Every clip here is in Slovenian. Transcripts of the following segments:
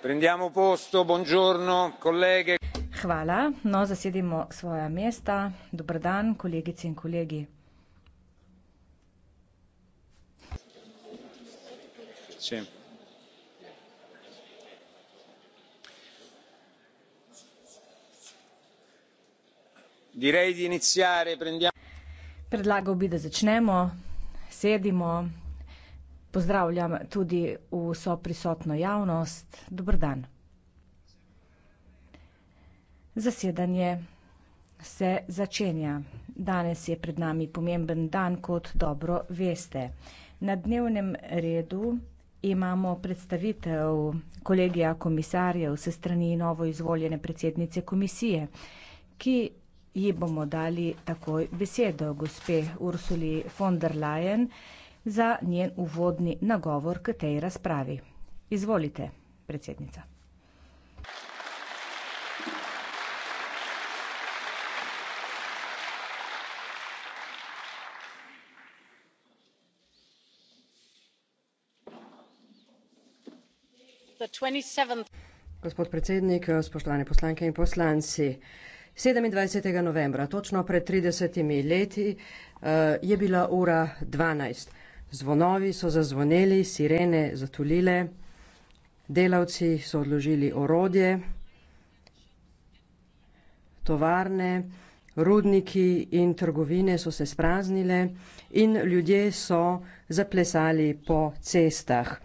Prendiamo posto, buongiorno, colleghe. Hvala, no, zasedimo svoja mesta. Dobr dan, kolegice in kolegi. Sì. Direi di iniziare, prendiamo. Predlagal bi, da začnemo. Sedimo, Pozdravljam tudi vso prisotno javnost. Dober dan. Zasedanje se začenja. Danes je pred nami pomemben dan, kot dobro veste. Na dnevnem redu imamo predstavitev kolegija komisarjev se strani novo izvoljene predsednice komisije, ki ji bomo dali takoj besedo, gospe Ursuli von der Leyen za njen uvodni nagovor k tej razpravi. Izvolite, predsednica. Gospod predsednik, spoštovane poslanke in poslanci. 27. novembra, točno pred 30 leti, eh, je bila ura 12. Zvonovi so zazvoneli, sirene zatulile, delavci so odložili orodje, tovarne, rudniki in trgovine so se spraznile in ljudje so zaplesali po cestah.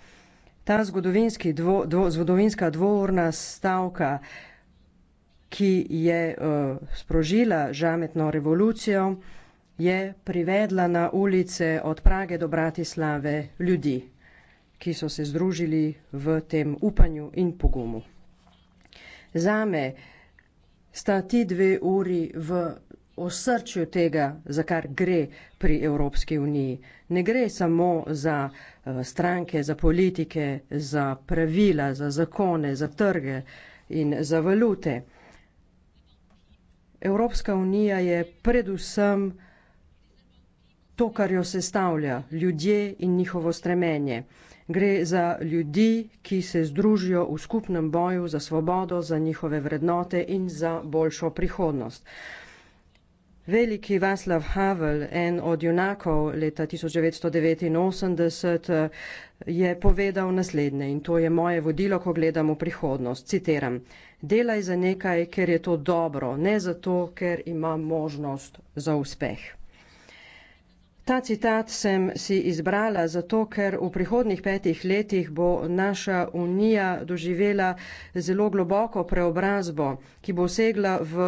Ta zgodovinski dvo, dvo, zgodovinska dvourna stavka, ki je uh, sprožila žametno revolucijo, je privedla na ulice od Prage do Bratislave ljudi, ki so se združili v tem upanju in pogumu. Zame sta ti dve uri v osrčju tega, za kar gre pri Evropski uniji. Ne gre samo za eh, stranke, za politike, za pravila, za zakone, za trge in za valute. Evropska unija je predvsem to, kar jo sestavlja, ljudje in njihovo stremenje. Gre za ljudi, ki se združijo v skupnem boju za svobodo, za njihove vrednote in za boljšo prihodnost. Veliki Vaslav Havel, en od junakov leta 1989, je povedal naslednje in to je moje vodilo, ko gledam v prihodnost. Citeram, delaj za nekaj, ker je to dobro, ne zato, ker ima možnost za uspeh. Ta citat sem si izbrala zato, ker v prihodnih petih letih bo naša unija doživela zelo globoko preobrazbo, ki bo segla v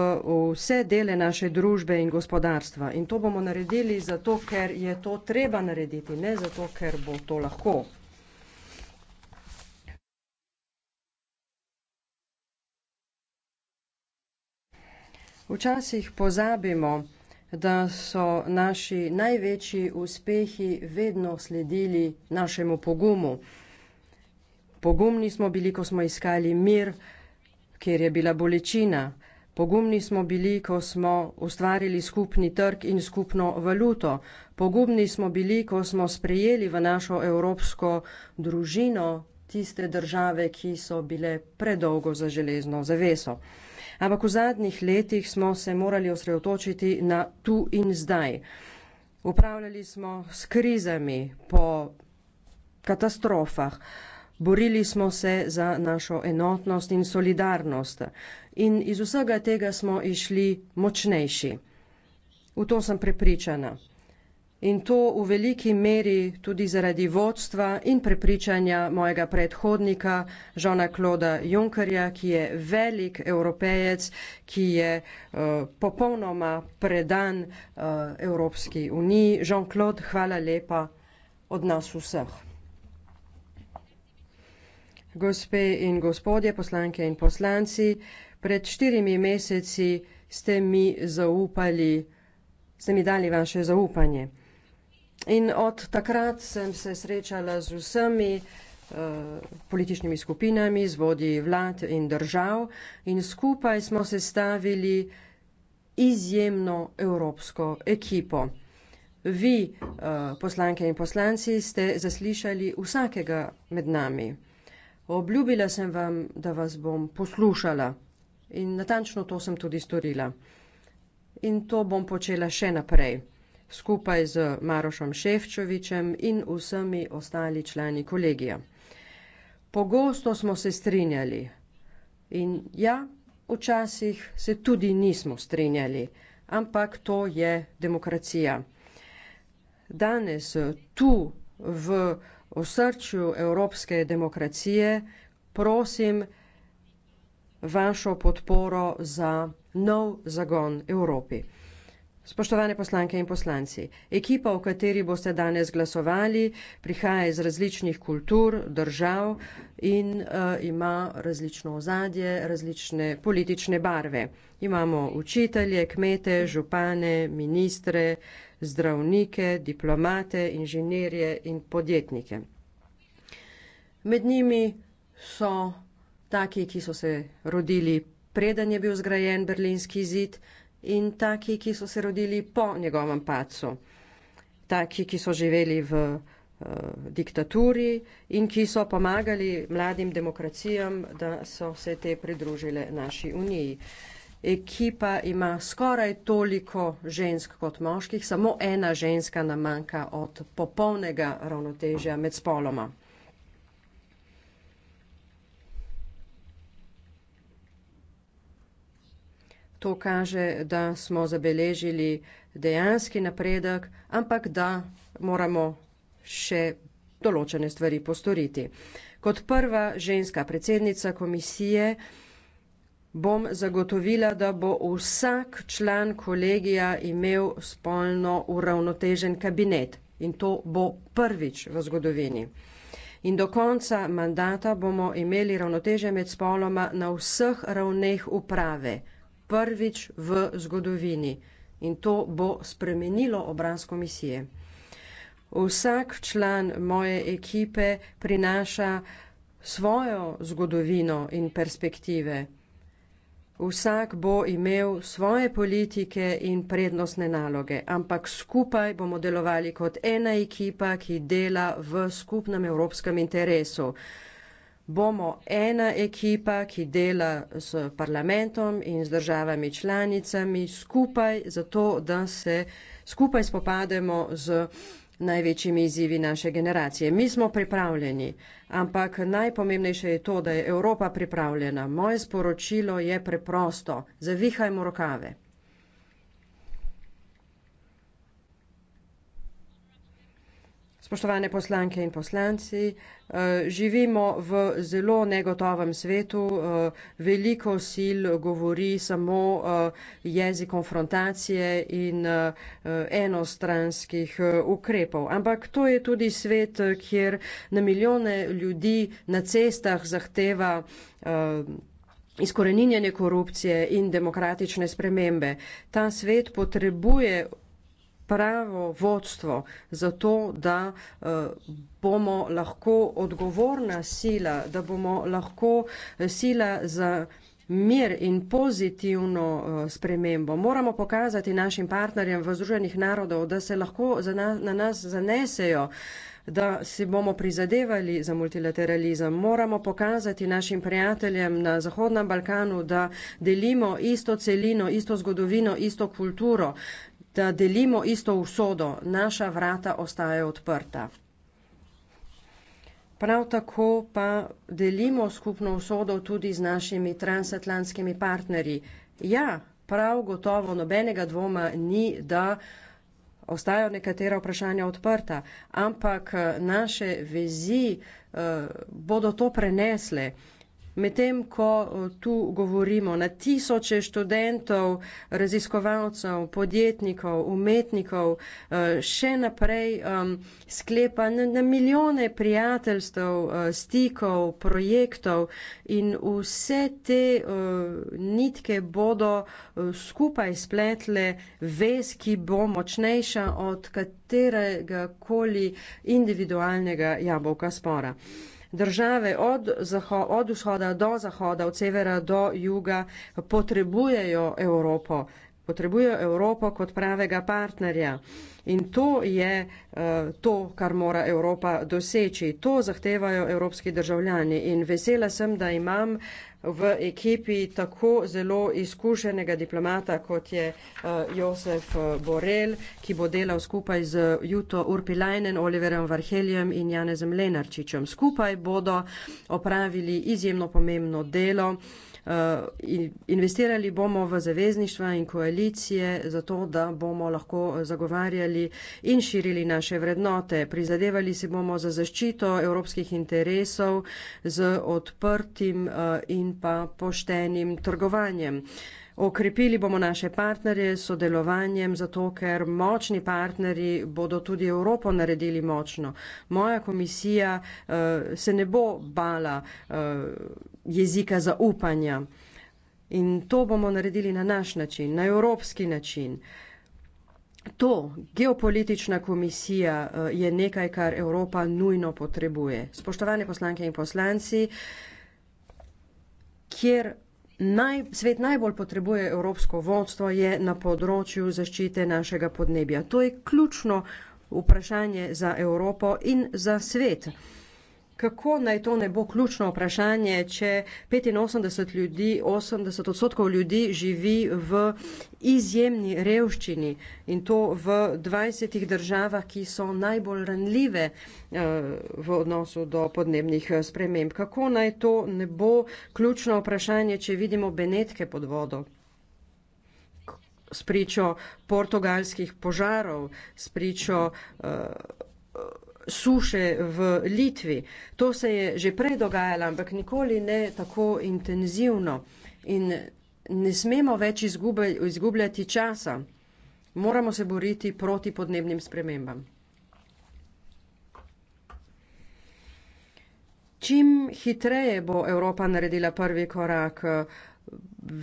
vse dele naše družbe in gospodarstva. In to bomo naredili zato, ker je to treba narediti, ne zato, ker bo to lahko. Včasih pozabimo, da so naši največji uspehi vedno sledili našemu pogumu. Pogumni smo bili, ko smo iskali mir, kjer je bila bolečina. Pogumni smo bili, ko smo ustvarili skupni trg in skupno valuto. Pogumni smo bili, ko smo sprejeli v našo evropsko družino tiste države, ki so bile predolgo za železno zaveso ampak v zadnjih letih smo se morali osredotočiti na tu in zdaj. Upravljali smo s krizami po katastrofah, borili smo se za našo enotnost in solidarnost in iz vsega tega smo išli močnejši. V to sem prepričana in to v veliki meri tudi zaradi vodstva in prepričanja mojega predhodnika Žona Kloda Junkerja, ki je velik evropejec, ki je uh, popolnoma predan uh, Evropski uniji. Žon Klod, hvala lepa od nas vseh. Gospe in gospodje, poslanke in poslanci, pred štirimi meseci ste mi zaupali, ste mi dali vaše zaupanje. In od takrat sem se srečala z vsemi eh, političnimi skupinami, z vodji vlad in držav in skupaj smo se stavili izjemno evropsko ekipo. Vi, eh, poslanke in poslanci, ste zaslišali vsakega med nami. Obljubila sem vam, da vas bom poslušala in natančno to sem tudi storila. In to bom počela še naprej skupaj z Marošom Ševčovičem in vsemi ostali člani kolegija. Pogosto smo se strinjali in ja, včasih se tudi nismo strinjali, ampak to je demokracija. Danes tu v osrčju evropske demokracije prosim vašo podporo za nov zagon Evropi. Spoštovane poslanke in poslanci, ekipa, v kateri boste danes glasovali, prihaja iz različnih kultur, držav in uh, ima različno ozadje, različne politične barve. Imamo učitelje, kmete, župane, ministre, zdravnike, diplomate, inženirje in podjetnike. Med njimi so taki, ki so se rodili preden je bil zgrajen berlinski zid, in taki, ki so se rodili po njegovem pacu, taki, ki so živeli v uh, diktaturi in ki so pomagali mladim demokracijam, da so se te pridružile naši uniji. Ekipa ima skoraj toliko žensk kot moških, samo ena ženska nam manjka od popolnega ravnotežja med spoloma. To kaže, da smo zabeležili dejanski napredek, ampak da moramo še določene stvari postoriti. Kot prva ženska predsednica komisije bom zagotovila, da bo vsak član kolegija imel spolno uravnotežen kabinet in to bo prvič v zgodovini. In do konca mandata bomo imeli ravnoteže med spoloma na vseh ravneh uprave prvič v zgodovini in to bo spremenilo obraz komisije. Vsak član moje ekipe prinaša svojo zgodovino in perspektive. Vsak bo imel svoje politike in prednostne naloge, ampak skupaj bomo delovali kot ena ekipa, ki dela v skupnem evropskem interesu bomo ena ekipa, ki dela s parlamentom in z državami članicami skupaj, zato da se skupaj spopademo z največjimi izzivi naše generacije. Mi smo pripravljeni, ampak najpomembnejše je to, da je Evropa pripravljena. Moje sporočilo je preprosto. Zavihajmo rokave. Spoštovane poslanke in poslanci, eh, živimo v zelo negotovem svetu, eh, veliko sil govori samo eh, jezik konfrontacije in enostranskih ukrepov. Ampak to je tudi svet, kjer na milijone ljudi na cestah zahteva izkoreninjanje korupcije in demokratične spremembe. Ta svet potrebuje pravo vodstvo za to, da eh, bomo lahko odgovorna sila, da bomo lahko eh, sila za mir in pozitivno eh, spremembo. Moramo pokazati našim partnerjem v Združenih narodov, da se lahko na nas zanesejo da si bomo prizadevali za multilateralizem. Moramo pokazati našim prijateljem na Zahodnem Balkanu, da delimo isto celino, isto zgodovino, isto kulturo da delimo isto usodo, naša vrata ostajajo odprta. Prav tako pa delimo skupno usodo tudi z našimi transatlantskimi partnerji. Ja, prav gotovo nobenega dvoma ni, da ostajajo nekatera vprašanja odprta, ampak naše vezi eh, bodo to prenesle. Medtem ko eh, tu govorimo na tisoče študentov, raziskovalcev, podjetnikov, umetnikov, eh, še naprej sklepa na milijone prijateljstev, eh, stikov, projektov in vse te nitke bodo skupaj spletle vez, ki bo močnejša od katerega koli individualnega jabolka spora države od, od vzhoda do zahoda, od severa do juga potrebujejo Evropo. Potrebujejo Evropo kot pravega partnerja. In to je eh, to, kar mora Evropa doseči. To zahtevajo evropski državljani. In vesela sem, da imam v ekipi tako zelo izkušenega diplomata, kot je uh, Josef eh, Borel, ki bo delal skupaj z Juto Urpilajnen, Oliverem Varheljem in Janezem Lenarčičem. Skupaj bodo opravili izjemno pomembno delo. Uh, Eh, investirali bomo v zavezništva in koalicije, zato da bomo lahko eh, zagovarjali in širili naše vrednote. Prizadevali se bomo za zaščito evropskih interesov z odprtim eh, in pa poštenim trgovanjem. Okrepili bomo naše partnerje s sodelovanjem, zato ker močni partnerji bodo tudi Evropo naredili močno. Moja komisija uh, se ne bo bala uh, jezika zaupanja in to bomo naredili na naš način, na evropski način. To, geopolitična komisija, uh, je nekaj, kar Evropa nujno potrebuje. Spoštovane poslanke in poslanci, kjer Naj, svet najbolj potrebuje evropsko vodstvo je na področju zaščite našega podnebja. To je ključno vprašanje za Evropo in za svet. Kako naj to ne bo ključno vprašanje, če 85 ljudi, 80 odstotkov ljudi živi v izjemni revščini in to v 20 državah, ki so najbolj ranljive eh, v odnosu do podnebnih eh, sprememb? Kako naj to ne bo ključno vprašanje, če vidimo benetke pod vodo? Spričo portugalskih požarov, spričo. Uh, eh, suše v Litvi. To se je že prej dogajalo, ampak nikoli ne tako intenzivno. In ne smemo več izgubljati časa. Moramo se boriti proti podnebnim spremembam. Čim hitreje bo Evropa naredila prvi korak,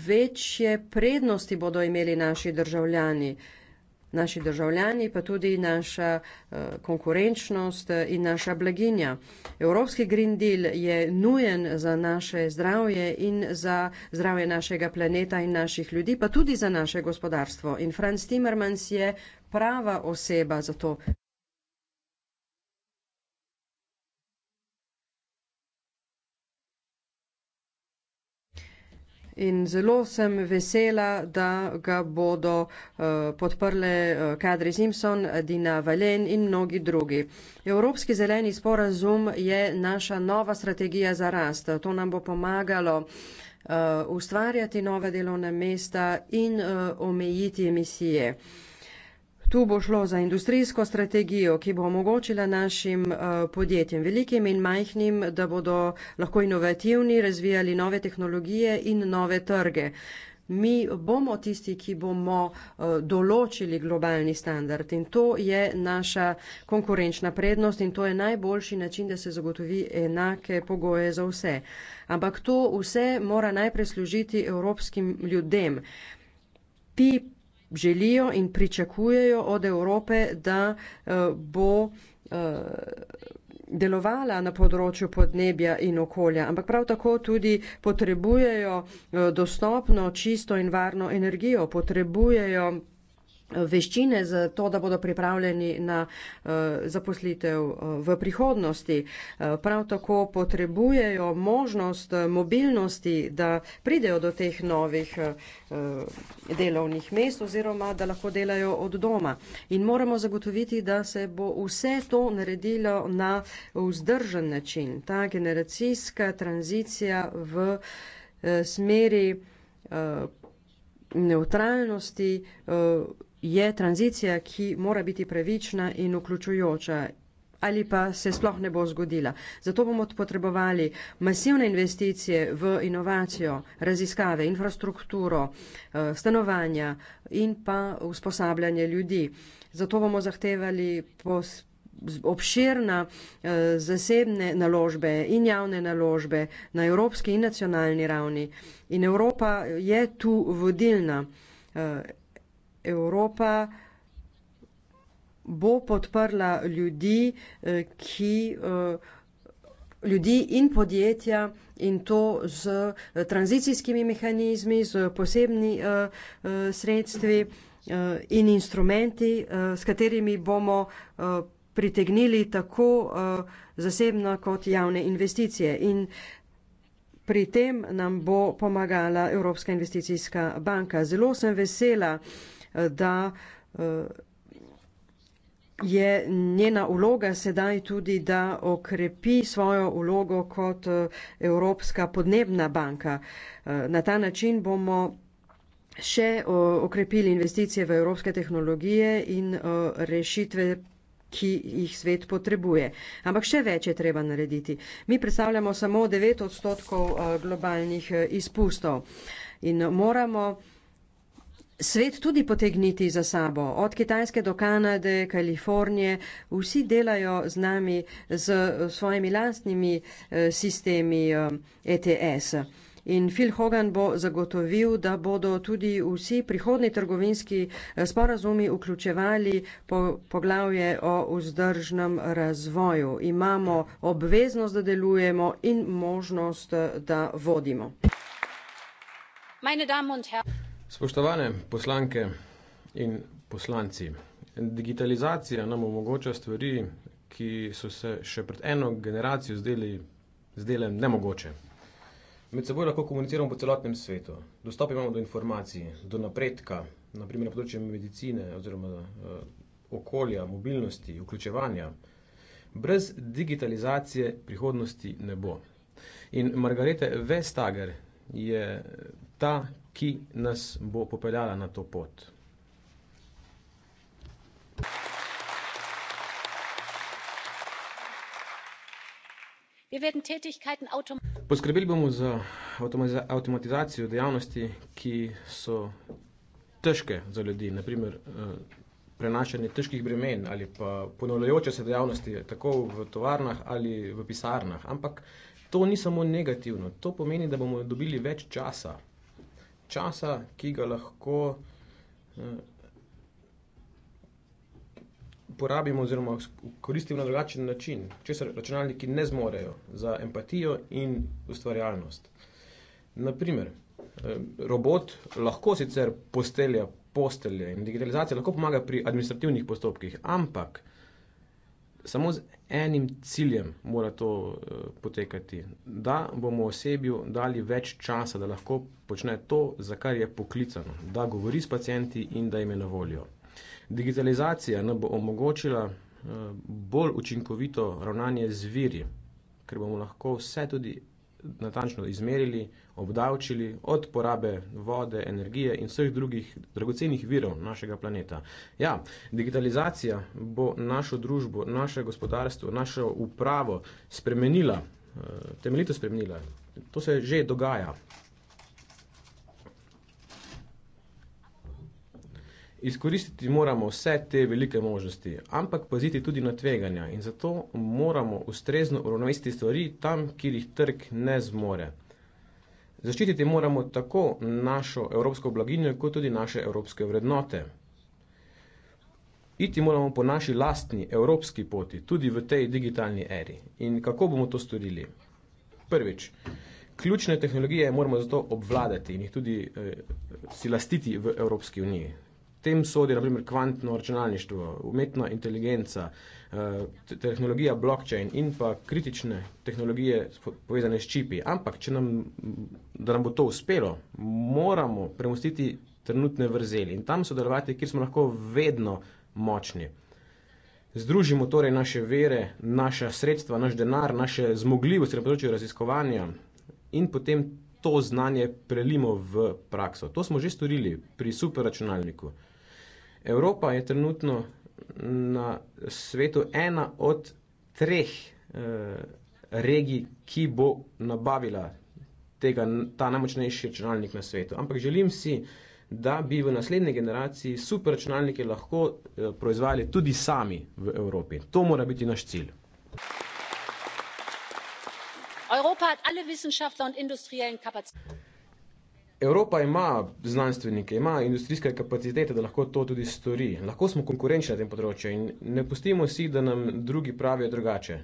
večje prednosti bodo imeli naši državljani naši državljani, pa tudi naša eh, konkurenčnost eh, in naša blaginja. Evropski Green Deal je nujen za naše zdravje in za zdravje našega planeta in naših ljudi, pa tudi za naše gospodarstvo. In Franz Timmermans je prava oseba za to. In zelo sem vesela, da ga bodo uh, podprle uh, Kadri Simpson, Dina Valen in mnogi drugi. Evropski zeleni sporazum je naša nova strategija za rast. To nam bo pomagalo uh, ustvarjati nove delovne mesta in uh, omejiti emisije. Uh, Tu bo šlo za industrijsko strategijo, ki bo omogočila našim eh, podjetjem, velikim in majhnim, da bodo lahko inovativni, razvijali nove tehnologije in nove trge. Mi bomo tisti, ki bomo eh, določili globalni standard in to je naša konkurenčna prednost in to je najboljši način, da se zagotovi enake pogoje za vse. Ampak to vse mora najprej služiti evropskim ljudem. Ti želijo in pričakujejo od Evrope, da eh, bo eh, delovala na področju podnebja in okolja, ampak prav tako tudi potrebujejo eh, dostopno, čisto in varno energijo, potrebujejo veščine za to, da bodo pripravljeni na eh, zaposlitev eh, v prihodnosti. Eh, prav tako potrebujejo možnost mobilnosti, da pridejo do teh novih delovnih mest oziroma da lahko delajo od doma. In moramo zagotoviti, da se bo vse to naredilo na vzdržen način. Ta generacijska tranzicija v smeri neutralnosti je tranzicija, ki mora biti pravična in vključujoča ali pa se sploh ne bo zgodila. Zato bomo potrebovali masivne investicije v inovacijo, raziskave, infrastrukturo, eh, stanovanja in pa usposabljanje ljudi. Zato bomo zahtevali pos obširna eh, zasebne naložbe in javne naložbe na evropski in nacionalni ravni. In Evropa je tu vodilna. Eh, Evropa bo podprla ljudi, eh, ki, eh, ljudi in podjetja in to z eh, tranzicijskimi mehanizmi, z posebni sredstvi in instrumenti, s katerimi bomo pritegnili tako zasebno kot javne investicije. In pri tem nam bo pomagala Evropska investicijska banka. Zelo sem vesela, da eh, je njena vloga sedaj tudi, da okrepi svojo vlogo kot eh, Evropska podnebna banka. Eh, na ta način bomo še okrepili investicije v evropske tehnologije in rešitve ki jih svet potrebuje. Ampak še več je treba narediti. Mi predstavljamo samo 9 odstotkov globalnih izpustov in moramo svet tudi potegniti za sabo, od Kitajske do Kanade, Kalifornije, vsi delajo z nami z svojimi lastnimi eh, sistemi ETS. Eh, e in Phil Hogan bo zagotovil, da bodo tudi vsi prihodni trgovinski eh, sporazumi vključevali poglavje o vzdržnem razvoju. Imamo obveznost, da delujemo in možnost, da vodimo. Meine Damen und Herren. Spoštovane poslanke in poslanci. Digitalizacija nam omogoča stvari, ki so se še pred eno generacijo zdeli, zdele nemogoče. Med seboj lahko komuniciramo po celotnem svetu. Dostop imamo do informacij, do napredka, naprimer na področju medicine oziroma eh, okolja, mobilnosti, vključevanja. Brez digitalizacije prihodnosti ne bo. In Margarete Vestager je ta, ki nas bo popeljala na to pot. Poskrbeli bomo za avtomatizacijo dejavnosti, ki so težke za ljudi, naprimer eh, prenašanje težkih bremen ali pa ponovljajoče se dejavnosti, tako v tovarnah ali v pisarnah. Ampak to ni samo negativno, to pomeni, da bomo dobili več časa časa, ki ga lahko uporabimo, eh, oziroma koristimo na drugačen način, česar računalniki ne zmorejo za empatijo in ustvarjalnost. Naprimer, eh, robot lahko sicer postelja postelje in digitalizacija lahko pomaga pri administrativnih postopkih, ampak samo z enim ciljem mora to uh, potekati, da bomo osebju dali več časa, da lahko počne to, za kar je poklicano, da govori s pacijenti in da jim je na voljo. Digitalizacija nam bo omogočila uh, bolj učinkovito ravnanje z viri, ker bomo lahko vse tudi natančno izmerili, obdavčili od porabe vode, energije in vseh drugih dragocenih virov našega planeta. Ja, digitalizacija bo našo družbo, naše gospodarstvo, našo upravo spremenila, eh, temeljito spremenila. To se že dogaja. Izkoristiti moramo vse te velike možnosti, ampak paziti tudi na tveganja in zato moramo ustrezno uravnovesti stvari tam, kjer jih trg ne zmore. Zaščititi moramo tako našo evropsko blaginjo, kot tudi naše evropske vrednote. Iti moramo po naši lastni evropski poti, tudi v tej digitalni eri. In kako bomo to storili? Prvič, ključne tehnologije moramo zato obvladati in jih tudi eh, silastiti v Evropski uniji tem sodi naprimer kvantno računalništvo, umetna inteligenca, eh, tehnologija blockchain in pa kritične tehnologije povezane s čipi. Ampak, če nam, da nam bo to uspelo, moramo premustiti trenutne vrzeli in tam sodelovati, kjer smo lahko vedno močni. Združimo torej naše vere, naša sredstva, naš denar, naše zmogljivosti na področju raziskovanja in potem to znanje prelimo v prakso. To smo že storili pri superračunalniku. Evropa je trenutno na svetu ena od treh eh, regij, ki bo nabavila tega, ta najmočnejši računalnik na svetu. Ampak želim si, da bi v naslednji generaciji superračunalnike lahko eh, proizvajali tudi sami v Evropi. To mora biti naš cilj. Evropa hat alle wissenschaftler und industriellen kapaciteten. Evropa ima znanstvenike, ima industrijske kapacitete, da lahko to tudi stori. Lahko smo konkurenčni na tem področju in ne pustimo si, da nam drugi pravijo drugače.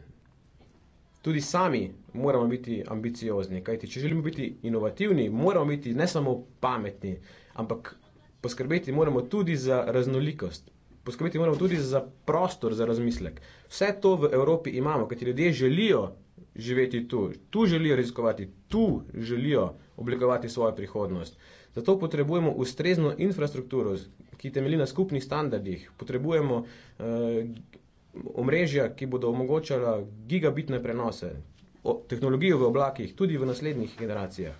Tudi sami moramo biti ambiciozni, kajti če želimo biti inovativni, moramo biti ne samo pametni, ampak poskrbeti moramo tudi za raznolikost, poskrbeti moramo tudi za prostor za razmislek. Vse to v Evropi imamo, kajti ljudje želijo živeti tu. Tu želijo raziskovati, tu želijo oblikovati svojo prihodnost. Zato potrebujemo ustrezno infrastrukturo, ki temelji na skupnih standardih. Potrebujemo eh, omrežja, ki bodo omogočala gigabitne prenose, o, tehnologijo v oblakih, tudi v naslednjih generacijah.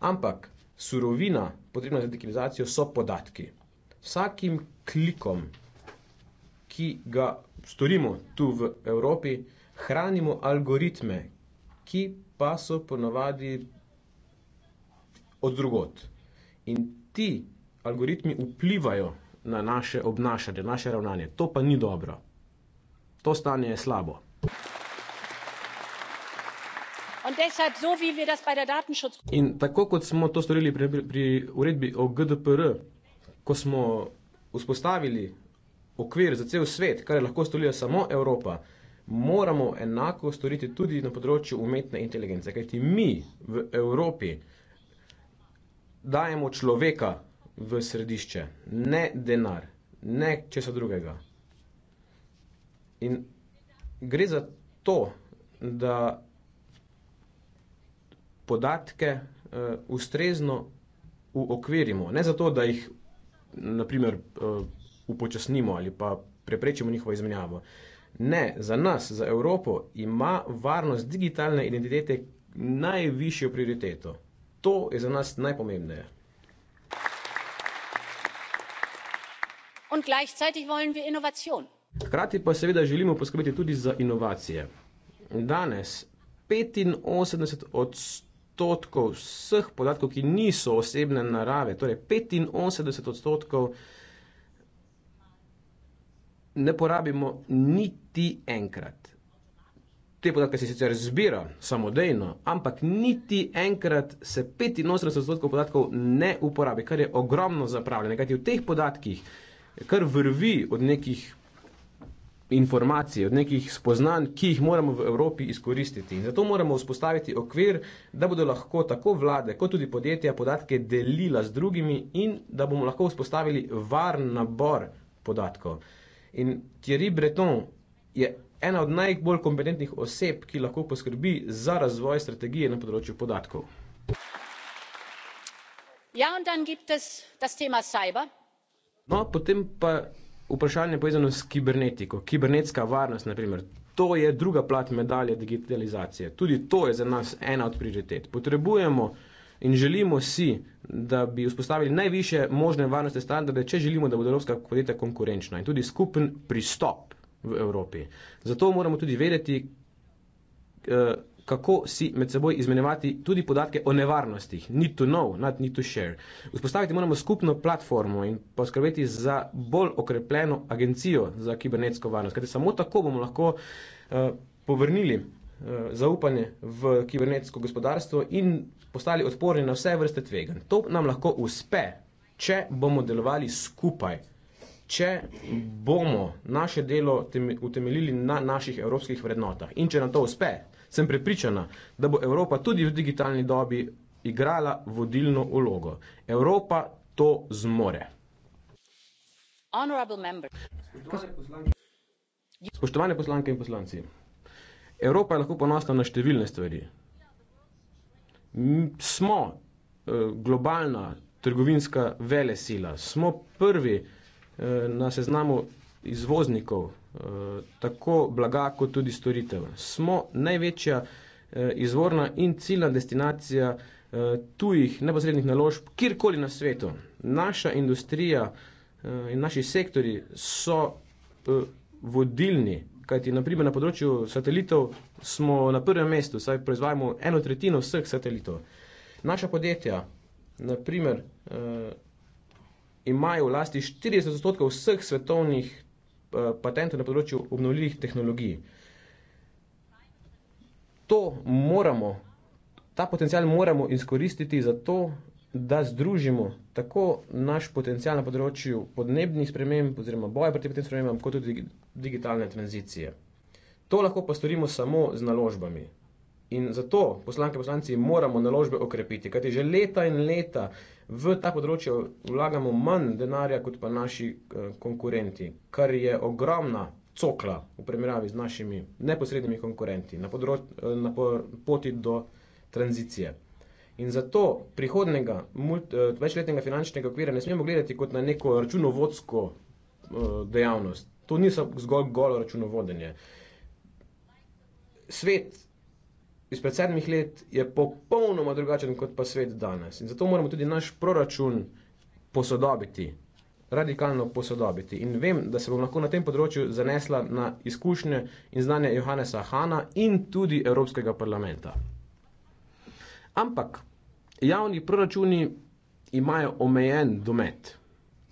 Ampak surovina, potrebna za digitalizacijo, so podatki. Vsakim klikom, ki ga storimo tu v Evropi, eh, hranimo algoritme, ki pa so ponovadi od drugot. In ti algoritmi vplivajo na naše obnašanje, naše ravnanje. To pa ni dobro. To stanje je slabo. In tako kot smo to storili pri, pri uredbi o GDPR, ko smo vzpostavili okvir za cel svet, kar je lahko storila samo Evropa, moramo enako storiti tudi na področju umetne inteligence. Kajti mi v Evropi dajemo človeka v središče, ne denar, ne česa drugega. In gre za to, da podatke uh, ustrezno uokvirimo. Ne zato, da jih naprimer uh, eh, upočasnimo ali pa preprečimo njihovo izmenjavo. Uh, Ne, za nas, za Evropo, ima varnost digitalne identitete najvišjo prioriteto. To je za nas najpomembneje. Hkrati pa seveda želimo poskrbeti tudi za inovacije. Danes 85 odstotkov vseh podatkov, ki niso osebne narave, torej 85 odstotkov ne porabimo niti enkrat. Te podatke se sicer zbira samodejno, ampak niti enkrat se 85% podatkov ne uporabi, kar je ogromno zapravljeno. Kajti v teh podatkih, kar vrvi od nekih informacij, od nekih spoznanj, ki jih moramo v Evropi izkoristiti. In zato moramo vzpostaviti okvir, da bodo lahko tako vlade, kot tudi podjetja podatke delila z drugimi in da bomo lahko vzpostavili varen nabor podatkov. In Thierry Breton je ena od najbolj kompetentnih oseb, ki lahko poskrbi za razvoj strategije na področju podatkov. Ja, in dan gibt es das Thema Cyber. No, potem pa vprašanje povezano s kibernetiko, kibernetska varnost, na primer. To je druga plat medalje digitalizacije. Tudi to je za nas ena od prioritet. Potrebujemo in želimo si, da bi vzpostavili najviše možne varnostne standarde, če želimo, da bodo evropska podjetja konkurenčna in tudi skupen pristop v Evropi. Zato moramo tudi vedeti, eh, kako si med seboj izmenjevati tudi podatke o nevarnostih. Need to know, not need to share. Vzpostaviti moramo skupno platformo in poskrbeti za bolj okrepljeno agencijo za kibernetsko varnost. Kajte, samo tako bomo lahko uh, povrnili Eh, zaupanje v kibernetsko gospodarstvo in postali odporni na vse vrste tvegan. To nam lahko uspe, če bomo delovali skupaj, če bomo naše delo utemeljili na naših evropskih vrednotah. In če nam to uspe, sem prepričana, da bo Evropa tudi v digitalni dobi igrala vodilno vlogo. Evropa to zmore. Spoštovane poslanke in poslanci, Evropa je lahko ponosna na številne stvari. Smo eh, globalna trgovinska vele sila, smo prvi eh, na seznamu izvoznikov, eh, tako blaga kot tudi storitev. Smo največja izvorna in ciljna destinacija tujih neposrednih naložb, kjerkoli na svetu. Naša industrija in naši sektori so vodilni Kajti, naprimer, na področju satelitov smo na prvem mestu, saj proizvajamo eno tretjino vseh satelitov. Naša podjetja, naprimer, eh, imajo v lasti 40 odstotkov vseh svetovnih eh, patentov na področju obnovljivih tehnologij. To moramo, ta potencial moramo izkoristiti za to, da združimo tako naš potencial na področju podnebnih sprememb oziroma boja proti tem spremembam, kot tudi digitalne tranzicije. To lahko pa storimo samo z naložbami. In zato poslanke poslanci moramo naložbe okrepiti, kajti že leta in leta v ta področje vlagamo manj denarja kot pa naši eh, konkurenti, kar je ogromna cokla v primerjavi z našimi neposrednimi konkurenti na, področ, eh, na poti do tranzicije. In zato prihodnega eh, večletnega finančnega okvira ne smemo gledati kot na neko računovodsko dejavnost, To ni zgolj golo računovodenje. Svet izpred sedmih let je popolnoma drugačen kot pa svet danes. In zato moramo tudi naš proračun posodobiti, radikalno posodobiti. In vem, da se bom lahko na tem področju zanesla na izkušnje in znanje Johannesa Hana in tudi Evropskega parlamenta. Ampak javni proračuni imajo omejen domet.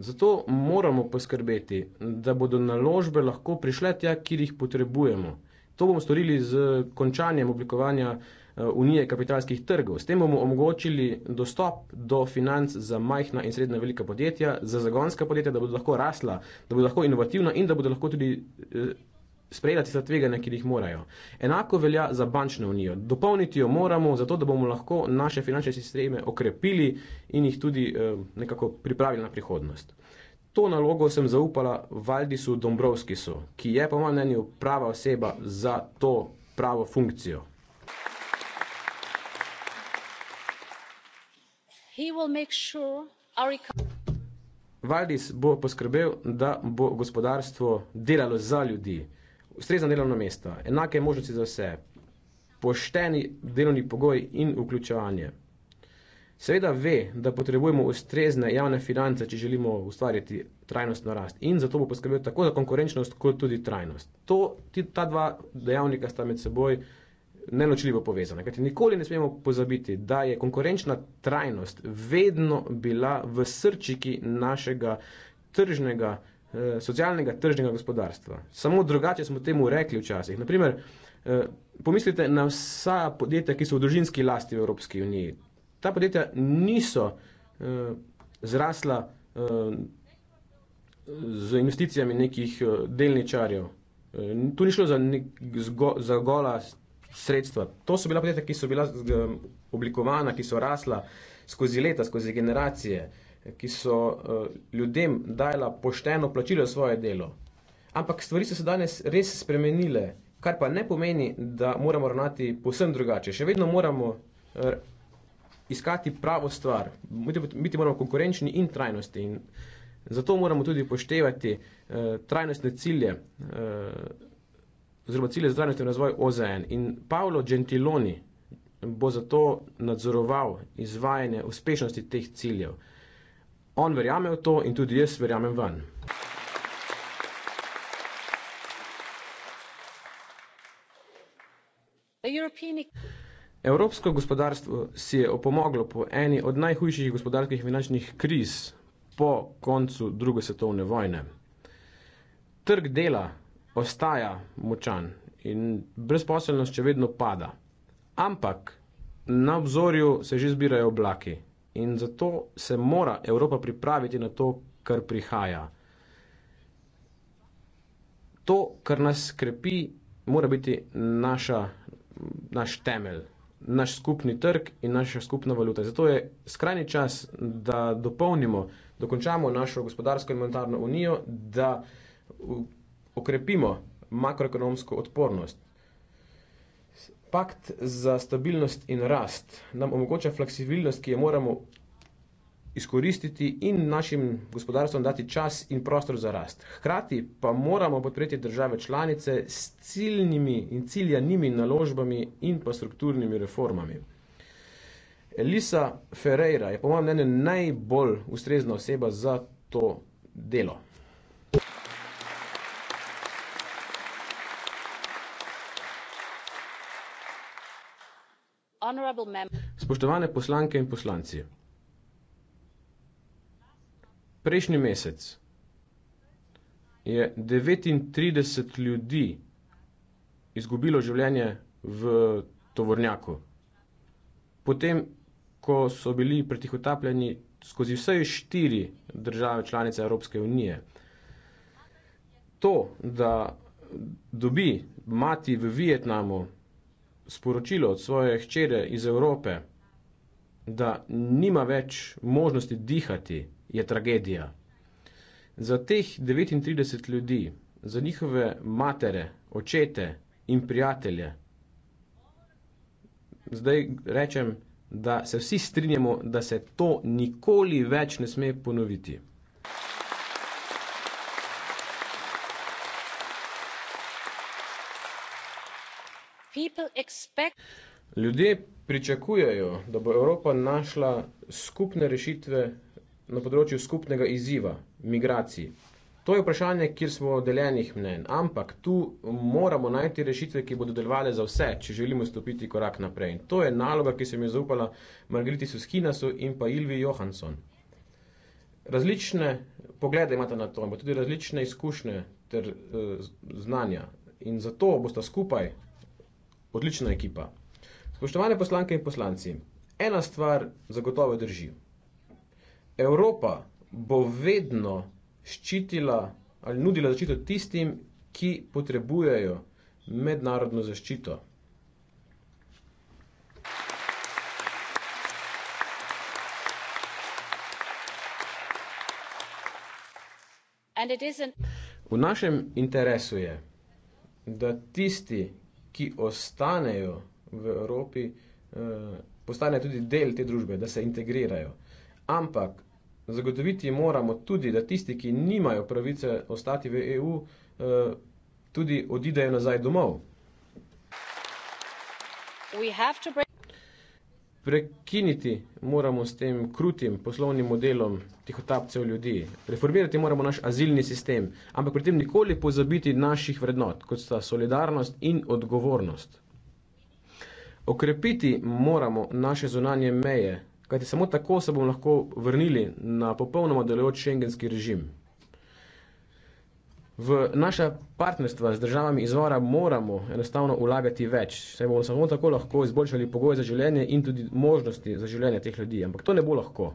Zato moramo poskrbeti, da bodo naložbe lahko prišle tja, kjer jih potrebujemo. To bomo storili z končanjem oblikovanja eh, Unije kapitalskih trgov. S tem bomo omogočili dostop do financ za majhna in srednja velika podjetja, za zagonska podjetja, da bodo lahko rasla, da bodo lahko inovativna in da bodo lahko tudi eh, sprejela tista tveganja, ki jih morajo. Enako velja za bančno unijo. Dopolniti jo moramo, zato da bomo lahko naše finančne sisteme okrepili in jih tudi eh, nekako pripravili na prihodnost. To nalogo sem zaupala Valdisu Dombrovskisu, ki je po mojem mnenju prava oseba za to pravo funkcijo. Valdis bo poskrbel, da bo gospodarstvo delalo za ljudi ustrezna delovna mesta, enake možnosti za vse, pošteni delovni pogoj in vključevanje. Seveda ve, da potrebujemo ustrezne javne finance, če želimo ustvarjati trajnostno rast in zato bo poskrbel tako za konkurenčnost, kot tudi trajnost. To, ta dva dejavnika sta med seboj neločljivo povezana. Kajti nikoli ne smemo pozabiti, da je konkurenčna trajnost vedno bila v srčiki našega tržnega Eh, socialnega tržnega gospodarstva. Samo drugače smo temu rekli včasih. Naprimer, eh, pomislite na vsa podjetja, ki so v družinski lasti v Evropski uniji. Ta podjetja niso eh, zrasla z investicijami nekih delničarjev. Tu ni šlo za, nek, za gola sredstva. To so bila podjetja, ki so bila oblikovana, ki so rasla skozi leta, skozi generacije ki so eh, ljudem dajala pošteno plačilo svoje delo. Ampak stvari so se danes res spremenile, kar pa ne pomeni, da moramo ravnati povsem drugače. Še vedno moramo eh, iskati pravo stvar, biti moramo konkurenčni in trajnosti. In zato moramo tudi poštevati eh, trajnostne cilje, eh, oziroma eh, cilje za trajnostni razvoj OZN. In Paolo Gentiloni bo zato nadzoroval izvajanje uspešnosti teh ciljev. Eh, On verjame v to in tudi jaz verjamem ven. E- Evropsko gospodarstvo si je opomoglo po eni od najhujših gospodarskih finančnih kriz po koncu druge svetovne vojne. Trg dela ostaja močan in brezposelnost še vedno pada. Ampak na obzorju se že zbirajo oblaki. In zato se mora Evropa pripraviti na to, kar prihaja. To, kar nas skrbi, mora biti naša, naš temelj, naš skupni trg in naša skupna valuta. Zato je skrajni čas, da dopolnimo, dokončamo našo gospodarsko in monetarno unijo, da ukrepimo makroekonomsko odpornost. Pakt za stabilnost in rast nam omogoča fleksibilnost, ki jo moramo izkoristiti in našim gospodarstvom dati čas in prostor za rast. Hkrati pa moramo podpreti države članice s ciljnimi in ciljanimi naložbami in pa strukturnimi reformami. Elisa Ferreira je po mojem mnenju najbolj ustrezna oseba za to delo. Spoštovane poslanke in poslanci, prejšnji mesec je 39 ljudi izgubilo življenje v tovornjaku. Potem, ko so bili pretihotapljeni skozi vse štiri države članice Evropske unije. To, da dobi mati v Vietnamu sporočilo od svoje hčere iz Evrope, da nima več možnosti dihati, je tragedija. Za teh 39 ljudi, za njihove matere, očete in prijatelje, zdaj rečem, da se vsi strinjamo, da se to nikoli več ne sme ponoviti. Ljudje pričakujejo, da bo Evropa našla skupne rešitve na področju skupnega izziva - migracij. To je vprašanje, kjer smo deljenih mnen, ampak tu moramo najti rešitve, ki bodo delovale za vse, če želimo stopiti korak naprej. In to je naloga, ki sem jo zaupala Margariti Suskinasu in pa Ilvi Johansson. Različne poglede imata na to, pa tudi različne izkušnje ter, eh, znanja. In zato bosta skupaj odlična ekipa. Spoštovane poslanke in poslanci, ena stvar zagotovo drži. Evropa bo vedno ščitila ali nudila zaščito tistim, ki potrebujejo mednarodno zaščito. V našem interesu je, da tisti, ki ostanejo v Evropi, eh, postanejo tudi del te družbe, da se integrirajo. Ampak zagotoviti moramo tudi, da tisti, ki nimajo pravice ostati v EU, eh, tudi odidejo nazaj domov prekiniti moramo s tem krutim poslovnim modelom tihotapcev ljudi, reformirati moramo naš azilni sistem, ampak pri tem nikoli pozabiti naših vrednot, kot sta solidarnost in odgovornost. Okrepiti moramo naše zunanje meje, kajti samo tako se bomo lahko vrnili na popolnoma delujoč šengenski režim. V naša partnerstva z državami izvora moramo enostavno ulagati več. Se bomo samo tako lahko izboljšali pogoje za življenje in tudi možnosti za življenje teh ljudi. Ampak to ne bo lahko.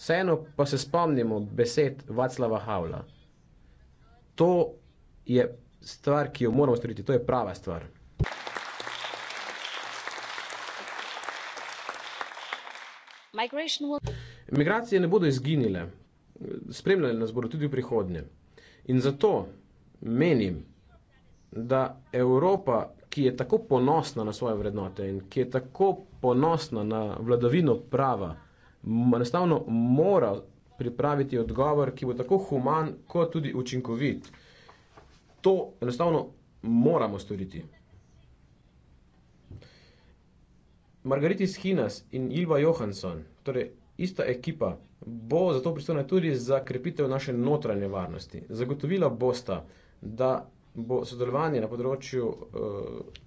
Vseeno pa se spomnimo besed Vaclava Havla. To je stvar, ki jo moramo storiti. To je prava stvar. Migracije ne bodo izginile. Spremljali nas bodo tudi v prihodnje. In zato menim, da Evropa, ki je tako ponosna na svoje vrednote in ki je tako ponosna na vladavino prava, enostavno mora pripraviti odgovor, ki bo tako human, kot tudi učinkovit. To enostavno moramo storiti. Margaritis Hinas in Ilva Johansson, torej ista ekipa, bo zato pristojna tudi za krepitev naše notranje varnosti. Zagotovila bosta, da bo sodelovanje na področju uh,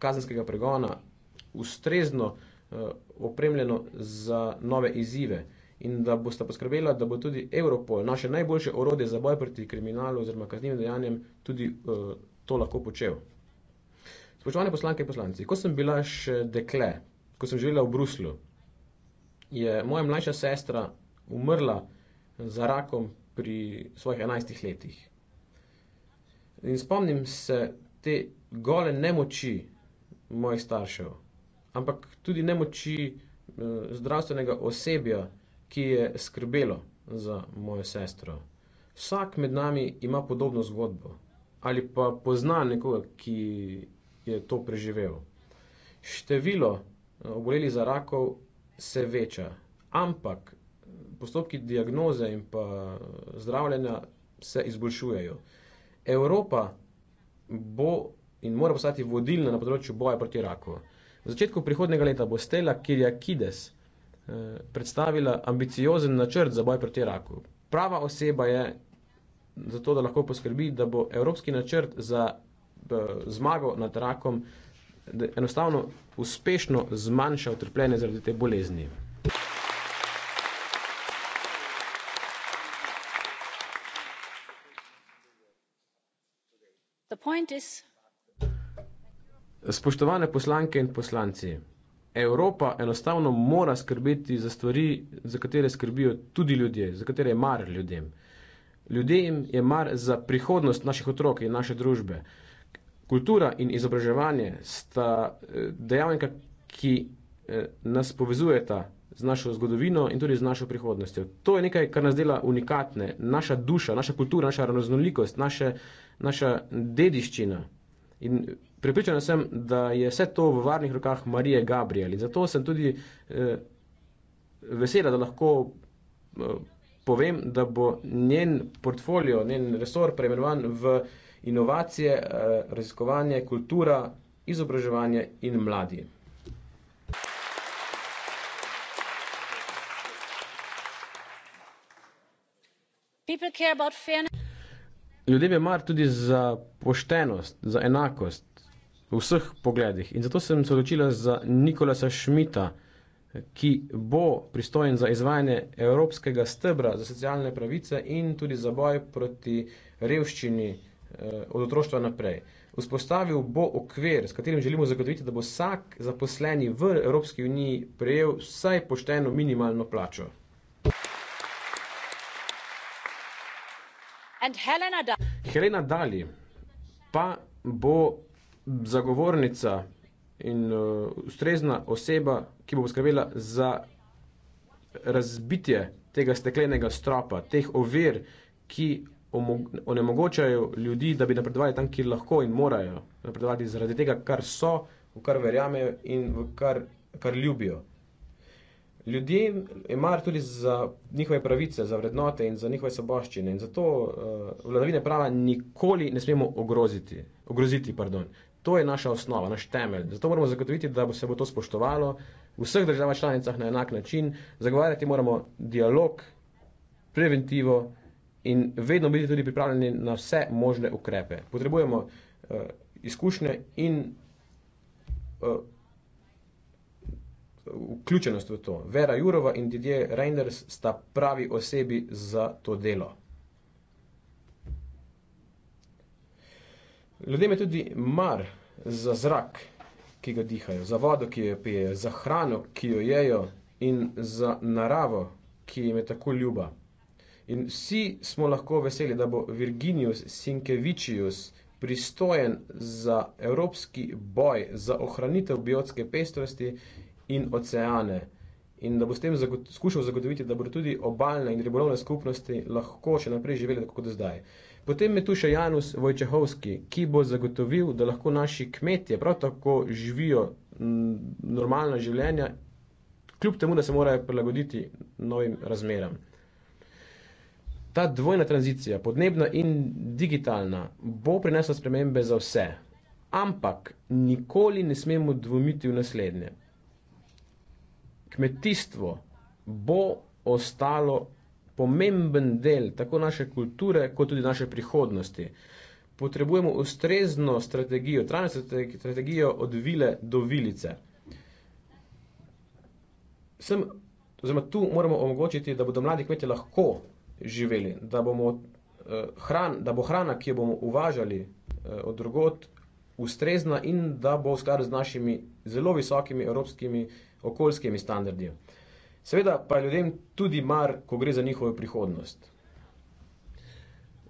kazenskega pregona ustrezno uh, opremljeno za nove izzive in da boste poskrbela, da bo tudi Europol, naše najboljše orodje za boj proti kriminalu oziroma kaznim dejanjem, tudi uh, to lahko počel. Spoštovane poslanke in poslanci, ko sem bila še dekle, ko sem živela v Bruslu, je moja mlajša sestra umrla za rakom pri svojih 11 letih. In spomnim se te gole nemoči mojih staršev, ampak tudi nemoči eh, zdravstvenega osebja, ki je skrbelo za mojo sestro. Vsak med nami ima podobno zgodbo ali pa pozna nekoga, ki je to preživel. Število eh, obolelih za rakov se veča, ampak postopki diagnoze in pa eh, zdravljenja se izboljšujejo. Evropa bo in mora postati vodilna na področju boja proti raku. V začetku prihodnega leta bo Stela Kirjakides eh, predstavila ambiciozen načrt za boj proti raku. Prava oseba je zato, da lahko poskrbi, da bo evropski načrt za eh, zmago nad rakom enostavno uspešno zmanjšal trpljenje zaradi te bolezni. Spoštovane poslanke in poslanci, Evropa enostavno mora skrbeti za stvari, za katere skrbijo tudi ljudje, za katere je mar ljudem. Ljudem je mar za prihodnost naših otrok in naše družbe. Kultura in izobraževanje sta eh, dejavnika, ki eh, nas povezujeta z našo zgodovino in tudi z našo prihodnostjo. To je nekaj, kar nas dela unikatne, naša duša, naša kultura, naša raznolikost, naše, naša dediščina. In pripričana sem, da je vse to v varnih rokah Marije Gabriel. In zato sem tudi eh, vesela, da lahko eh, povem, da bo njen portfolio, njen resor preimenovan v inovacije, eh, raziskovanje, kultura, izobraževanje in mladi. Ljudje me mar tudi za poštenost, za enakost v vseh pogledih. In zato sem se odločila za Nikolasa Šmita, ki bo pristojen za izvajanje Evropskega stebra za socialne pravice in tudi za boj proti revščini eh, od otroštva naprej. Vzpostavil bo okvir, s katerim želimo zagotoviti, da bo vsak zaposleni v Evropski uniji prejel vsaj pošteno minimalno plačo. Helena Dali pa bo zagovornica in uh, ustrezna oseba, ki bo poskrbela za razbitje tega steklenega stropa, teh ovir, ki onemogočajo ljudi, da bi napredovali tam, kjer lahko in morajo napredovati zaradi tega, kar so, v kar verjamejo in v kar, kar ljubijo ljudje imajo tudi za njihove pravice, za vrednote in za njihove soboščine. In zato uh, eh, vladavine prava nikoli ne smemo ogroziti. ogroziti to je naša osnova, naš temelj. Zato moramo zagotoviti, da se bo to spoštovalo v vseh državah članicah na enak način. Zagovarjati moramo dialog, preventivo in vedno biti tudi pripravljeni na vse možne ukrepe. Potrebujemo uh, izkušnje in uh, vključenost v to. Vera Jurova in Didje Reinders sta pravi osebi za to delo. Ljudem je tudi mar za zrak, ki ga dihajo, za vodo, ki jo pijejo, za hrano, ki jo jejo in za naravo, ki jim je tako ljuba. In vsi smo lahko veseli, da bo Virginius Sinkevičius pristojen za evropski boj za ohranitev biotske pestrosti in oceane. In da bo s tem zagot skušal zagotoviti, da bodo tudi obaljne in ribolovne skupnosti lahko še naprej živeli tako kot zdaj. Potem je tu še Janus Vojčehovski, ki bo zagotovil, da lahko naši kmetje prav tako živijo normalna življenja, kljub temu, da se morajo prilagoditi novim razmeram. Ta dvojna tranzicija, podnebna in digitalna, bo prinesla spremembe za vse. Ampak nikoli ne smemo dvomiti v naslednje kmetijstvo bo ostalo pomemben del tako naše kulture, kot tudi naše prihodnosti. Potrebujemo ustrezno strategijo, trajno strategijo od vile do vilice. Sem, oziroma, tu moramo omogočiti, da bodo mladi kmetje lahko živeli, da, bomo, eh, hran, da bo hrana, ki jo bomo uvažali eh, od drugot, ustrezna in da bo v skladu z našimi zelo visokimi evropskimi eh, okoljskimi standardi. Seveda pa je ljudem tudi mar, ko gre za njihovo prihodnost.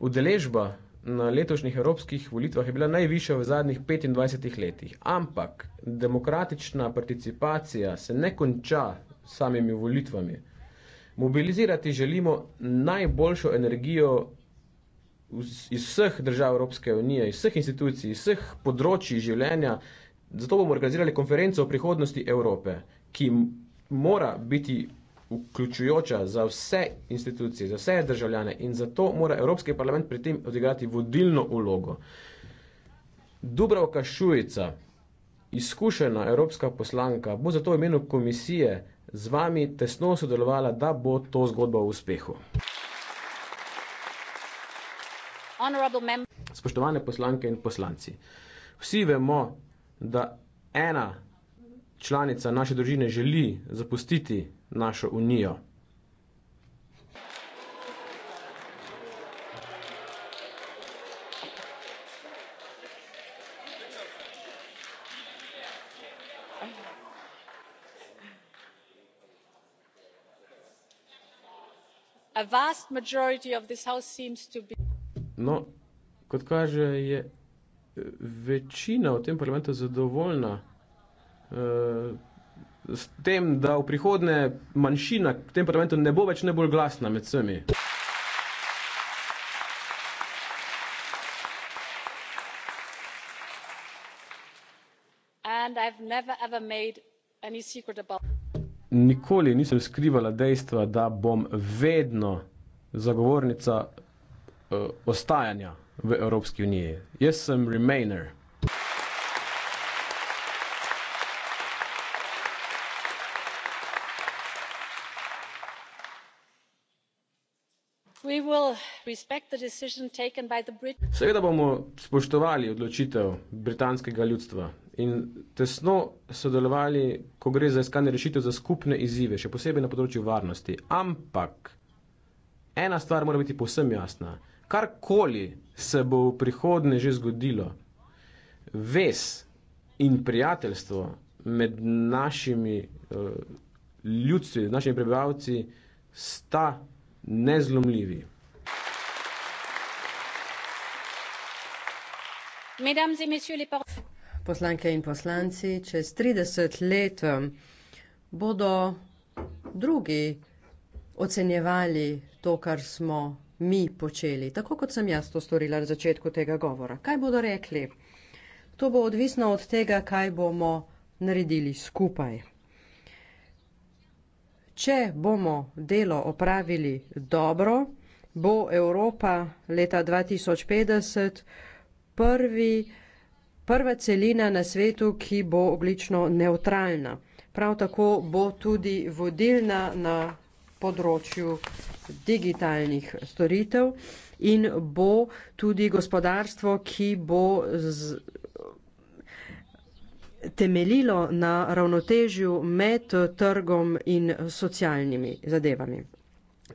Udeležba na letošnjih evropskih volitvah je bila najvišja v zadnjih 25 letih, ampak demokratična participacija se ne konča samimi volitvami. Mobilizirati želimo najboljšo energijo iz vseh držav Evropske unije, iz vseh institucij, iz vseh področji življenja, zato bomo organizirali konferenco o prihodnosti Evrope ki mora biti vključujoča za vse institucije, za vse državljane in zato mora Evropski parlament pri tem odigrati vodilno ulogo. Dubravka Šujica, izkušena evropska poslanka, bo zato v imenu komisije z vami tesno sodelovala, da bo to zgodba v uspehu. Spoštovane poslanke in poslanci, vsi vemo, da ena članica naše družine želi zapustiti našo unijo. No, kot kaže, je eh, večina v tem parlamentu zadovoljna s tem, da v prihodnje manjšina v tem parlamentu ne bo več najbolj glasna med vsemi. Nikoli nisem skrivala dejstva, da bom vedno zagovornica uh, ostajanja v Evropski uniji. Jaz sem remainer. Seveda bomo spoštovali odločitev britanskega ljudstva in tesno sodelovali, ko gre za iskanje rešitev za skupne izzive, še posebej na področju varnosti. Ampak ena stvar mora biti povsem jasna. Karkoli se bo v prihodnje že zgodilo, ves in prijateljstvo med našimi uh, ljudstvi, med našimi prebivalci sta nezlomljivi. Poslanke in poslanci, čez 30 let um, bodo drugi ocenjevali to, kar smo mi počeli, tako kot sem jaz to storila na začetku tega govora. Kaj bodo rekli? To bo odvisno od tega, kaj bomo naredili skupaj. Če bomo delo opravili dobro, bo Evropa leta 2050 prvi, prva celina na svetu, ki bo oglično neutralna. Prav tako bo tudi vodilna na področju digitalnih storitev in bo tudi gospodarstvo, ki bo z, temeljilo na ravnotežju med trgom in socialnimi zadevami.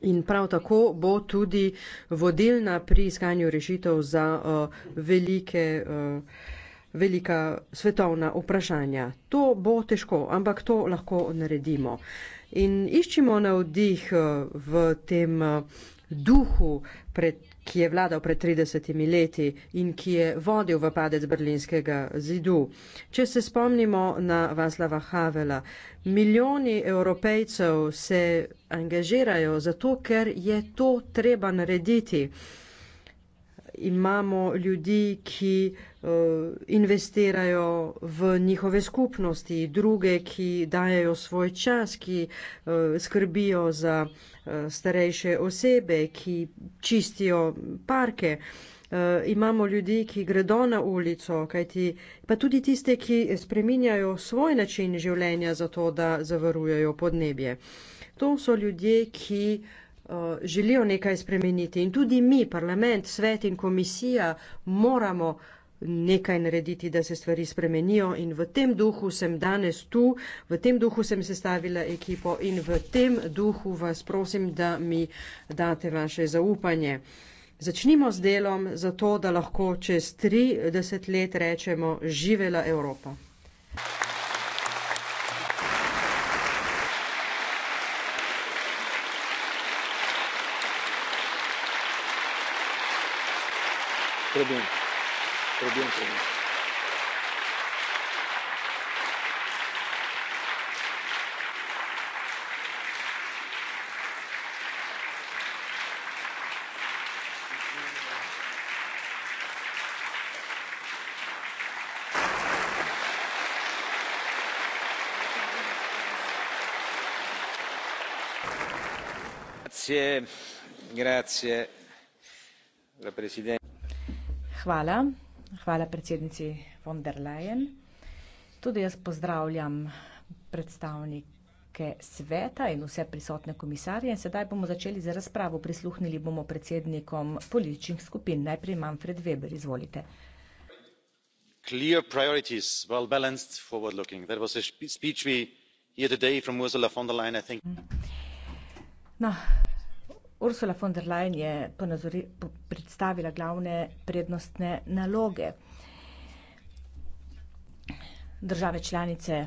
In prav tako bo tudi vodilna pri iskanju rešitev za uh, velike, uh, velika svetovna vprašanja. To bo težko, ampak to lahko naredimo. In iščimo navdih uh, v tem uh, duhu pred ki je vladal pred 30 leti in ki je vodil v padec berlinskega zidu. Če se spomnimo na Vaslava Havela, milijoni evropejcev se angažirajo zato, ker je to treba narediti imamo ljudi, ki eh, investirajo v njihove skupnosti, druge, ki dajajo svoj čas, ki eh, skrbijo za eh, starejše osebe, ki čistijo parke. Imamo ljudi, ki gredo na ulico, kajti, pa tudi tiste, ki spreminjajo svoj način življenja za to, da zavarujajo podnebje. To so ljudje, ki uh, Eh, želijo nekaj spremeniti. In tudi mi, parlament, svet in komisija, moramo nekaj narediti, da se stvari spremenijo. In v tem duhu sem danes tu, v tem duhu sem sestavila ekipo in v tem duhu vas prosim, da mi date vaše zaupanje. Začnimo z delom, zato da lahko čez 30 let rečemo, živela Evropa. problem. Problem, problem. grazie alla presidente della commissione per la sua relazione. Hvala. Hvala predsednici von der Leyen. Tudi jaz pozdravljam predstavnike sveta in vse prisotne komisarje. Sedaj bomo začeli z razpravo. Prisluhnili bomo predsednikom političnih skupin. Najprej Manfred Weber, izvolite. Clear priorities, well balanced, forward looking. That was a speech we hear today from Ursula von der Leyen, I think. No. Ursula von der Leyen je ponazori, po, predstavila glavne prednostne naloge. Države članice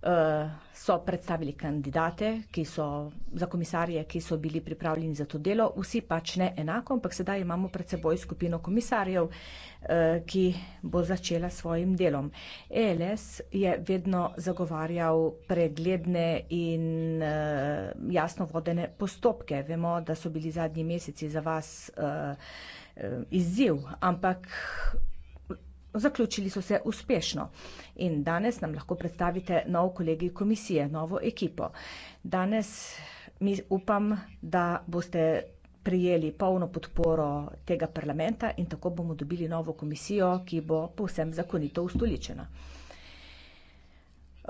Eh, so predstavili kandidate, ki so za komisarje, ki so bili pripravljeni za to delo, vsi pač ne enako, ampak sedaj imamo pred seboj skupino komisarjev, eh, ki bo začela s svojim delom. ELS je vedno zagovarjal pregledne in eh, jasno vodene postopke. Vemo, da so bili zadnji meseci za vas izziv, ampak zaključili so se uspešno. In danes nam lahko predstavite nov kolegi komisije, novo ekipo. Danes mi upam, da boste prijeli polno podporo tega parlamenta in tako bomo dobili novo komisijo, ki bo povsem zakonito ustoličena.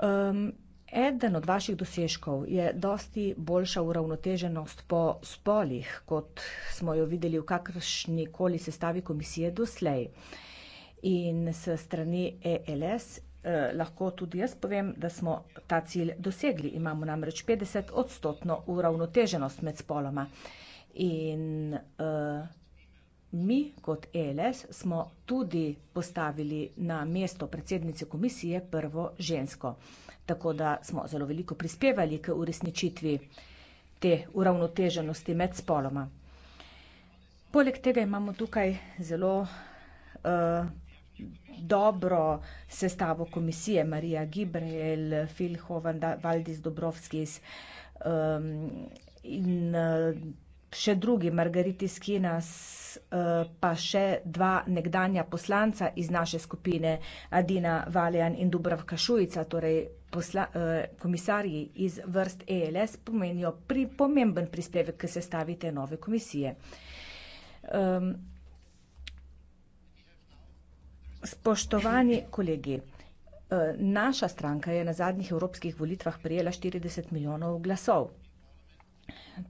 Um, eden od vaših dosežkov je dosti boljša uravnoteženost po spolih, kot smo jo videli v kakršnikoli sestavi komisije doslej. Uh, in s strani ELS eh, lahko tudi jaz povem, da smo ta cilj dosegli. Imamo namreč 50 odstotno uravnoteženost med spoloma. In eh, mi kot ELS smo tudi postavili na mesto predsednice komisije prvo žensko. Tako da smo zelo veliko prispevali k uresničitvi te uravnoteženosti med spoloma. Poleg tega imamo tukaj zelo eh, dobro sestavo komisije, Marija Gibrael, Filhovan, Valdis Dobrovski iz, um, in uh, še drugi, Margariti Skinas, uh, pa še dva nekdanja poslanca iz naše skupine, Adina Valjan in Dubravka Šujica, torej posla, uh, komisarji iz vrst ELS, pomenijo pri pomemben prispevek, ki sestavite nove komisije. Um, Spoštovani kolegi, eh, naša stranka je na zadnjih evropskih volitvah prejela štirideset milijonov glasov.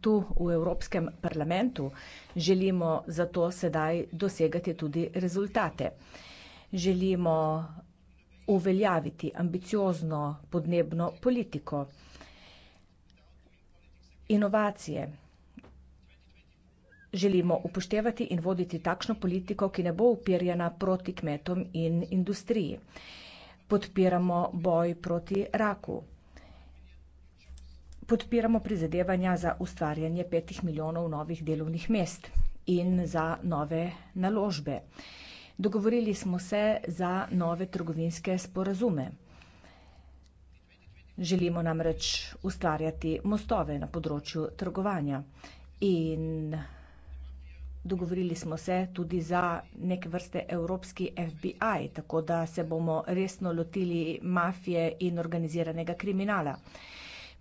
Tu v Evropskem parlamentu želimo zato sedaj dosegati tudi rezultate. Želimo uveljaviti ambiciozno podnebno politiko, inovacije, želimo upoštevati in voditi takšno politiko, ki ne bo uperjena proti kmetom in industriji. Podpiramo boj proti raku. Podpiramo prizadevanja za ustvarjanje petih milijonov novih delovnih mest in za nove naložbe. Dogovorili smo se za nove trgovinske sporazume. Želimo namreč ustvarjati mostove na področju trgovanja in dogovorili smo se tudi za neke vrste evropski FBI, tako da se bomo resno lotili mafije in organiziranega kriminala.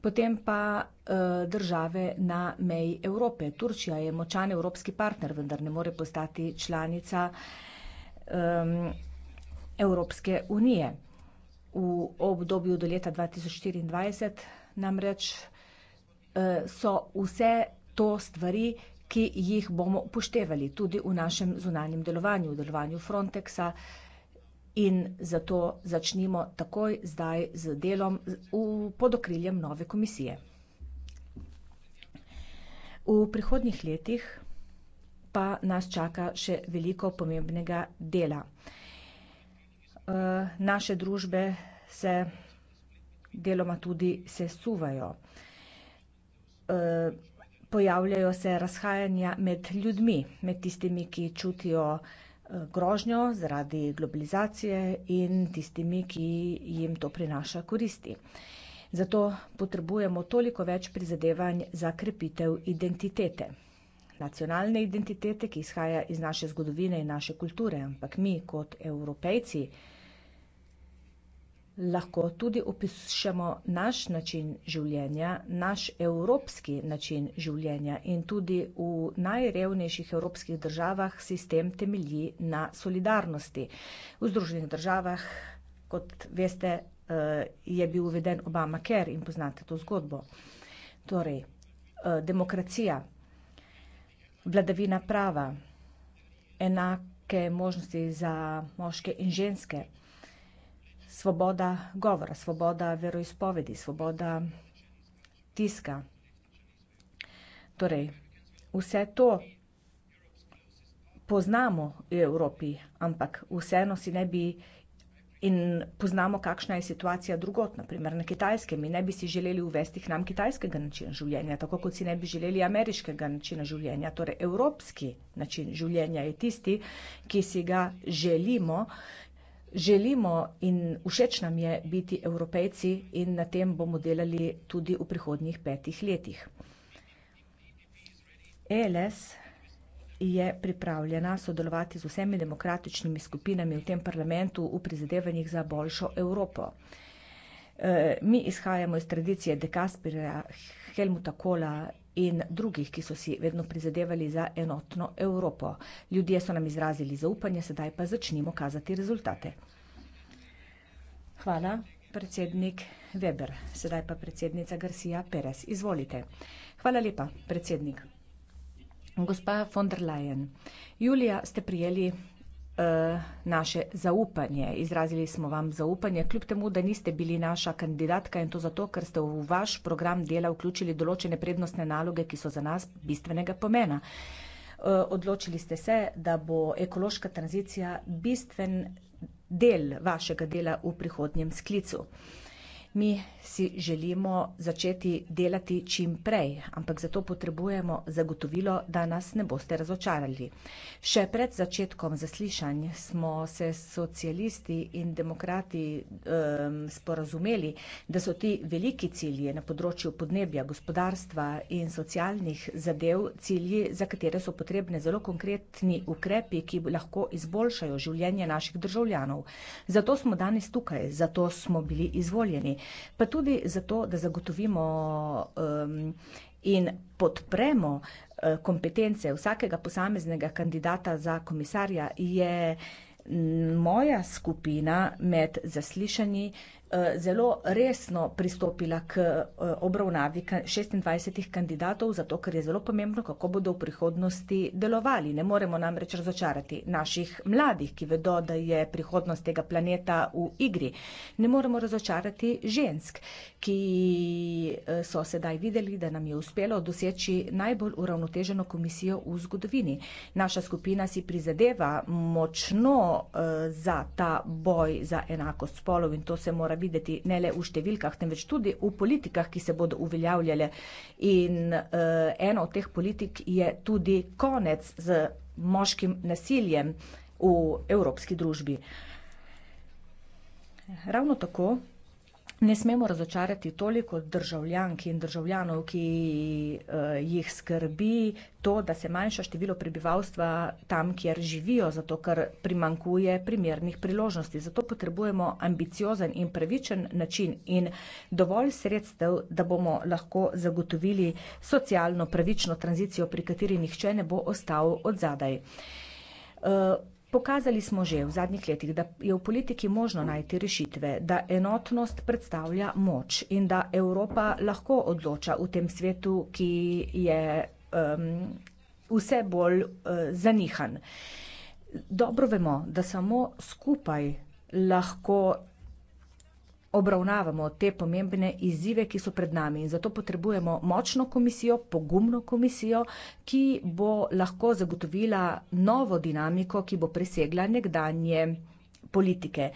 Potem pa eh, države na meji Evrope. Turčija je močan evropski partner, vendar ne more postati članica um, Evropske unije. V obdobju do leta 2024 namreč eh, so vse to stvari, ki jih bomo upoštevali tudi v našem zunanjem delovanju, delovanju Frontexa. In zato začnimo takoj zdaj z delom v, pod okriljem nove komisije. V prihodnjih letih pa nas čaka še veliko pomembnega dela. Eh, naše družbe se deloma tudi sesuvajo. Eh, pojavljajo se razhajanja med ljudmi, med tistimi, ki čutijo eh, grožnjo zaradi globalizacije in tistimi, ki jim to prinaša koristi. Zato potrebujemo toliko več prizadevanj za krepitev identitete. Nacionalne identitete, ki izhaja iz naše zgodovine in naše kulture, ampak mi kot evropejci lahko tudi opišemo naš način življenja, naš evropski način življenja in tudi v najrevnejših evropskih državah sistem temelji na solidarnosti. V Združenih državah, kot veste, eh, je bil uveden Obamacare in poznate to zgodbo. Torej, eh, demokracija, vladavina prava, enake možnosti za moške in ženske, svoboda govora, svoboda veroizpovedi, svoboda tiska. Torej, vse to poznamo v Evropi, ampak vseeno si ne bi in poznamo, kakšna je situacija drugod, na primer na Kitajskem, in ne bi si želeli uvesti k nam kitajskega načina življenja, tako kot si ne bi želeli ameriškega načina življenja, torej evropski način življenja je tisti, ki si ga želimo, Želimo in všeč nam je biti Evropejci in na tem bomo delali tudi v prihodnjih petih letih. Eles je pripravljena sodelovati z vsemi demokratičnimi skupinami v tem parlamentu v prizadevanjih za boljšo Evropo. E, mi izhajamo iz tradicije De Gasperija, Helmuta Kohla in drugih, ki so si vedno prizadevali za enotno Evropo. Ljudje so nam izrazili zaupanje, sedaj pa začnimo kazati rezultate. Hvala, predsednik Weber. Sedaj pa predsednica Garcia Perez. Izvolite. Hvala lepa, predsednik. Gospa von der Leyen, julija ste prijeli Eh, naše zaupanje. Izrazili smo vam zaupanje, kljub temu, da niste bili naša kandidatka in to zato, ker ste v vaš program dela vključili določene prednostne naloge, ki so za nas bistvenega pomena. Eh, odločili ste se, da bo ekološka tranzicija bistven del vašega dela v prihodnjem sklicu. Mi si želimo začeti delati čim prej, ampak zato potrebujemo zagotovilo, da nas ne boste razočarali. Še pred začetkom zaslišanj smo se socialisti in demokrati um, sporazumeli, da so ti veliki cilji na področju podnebja, gospodarstva in socialnih zadev cilji, za katere so potrebne zelo konkretni ukrepi, ki lahko izboljšajo življenje naših državljanov. Zato smo danes tukaj, zato smo bili izvoljeni pa tudi zato, da zagotovimo um, in podpremo uh, kompetence vsakega posameznega kandidata za komisarja, je moja skupina med zaslišanji Eh, zelo resno pristopila k eh, obravnavi 26 kandidatov, zato ker je zelo pomembno, kako bodo v prihodnosti delovali. Ne moremo namreč razočarati naših mladih, ki vedo, da je prihodnost tega planeta v igri. Ne moremo razočarati žensk, ki eh, so sedaj videli, da nam je uspelo doseči najbolj uravnoteženo komisijo v zgodovini. Naša skupina si prizadeva močno za ta boj za enakost spolov in to se mora videti ne le v številkah, temveč tudi v politikah, ki se bodo uveljavljale. In uh, eno od teh politik je tudi konec z moškim nasiljem v evropski družbi. Ravno tako ne smemo razočarati toliko državljank in državljanov, ki eh, jih skrbi to, da se manjša število prebivalstva tam, kjer živijo, zato ker primankuje primernih priložnosti. Zato potrebujemo ambiciozen in pravičen način in dovolj sredstev, da bomo lahko zagotovili socialno pravično tranzicijo, pri kateri nihče ne bo ostal od zadaj. Eh, Pokazali smo že v zadnjih letih, da je v politiki možno najti rešitve, da enotnost predstavlja moč in da Evropa lahko odloča v tem svetu, ki je um, vse bolj uh, zanihan. Dobro vemo, da samo skupaj lahko obravnavamo te pomembne izzive, ki so pred nami. In zato potrebujemo močno komisijo, pogumno komisijo, ki bo lahko zagotovila novo dinamiko, ki bo presegla nekdanje politike.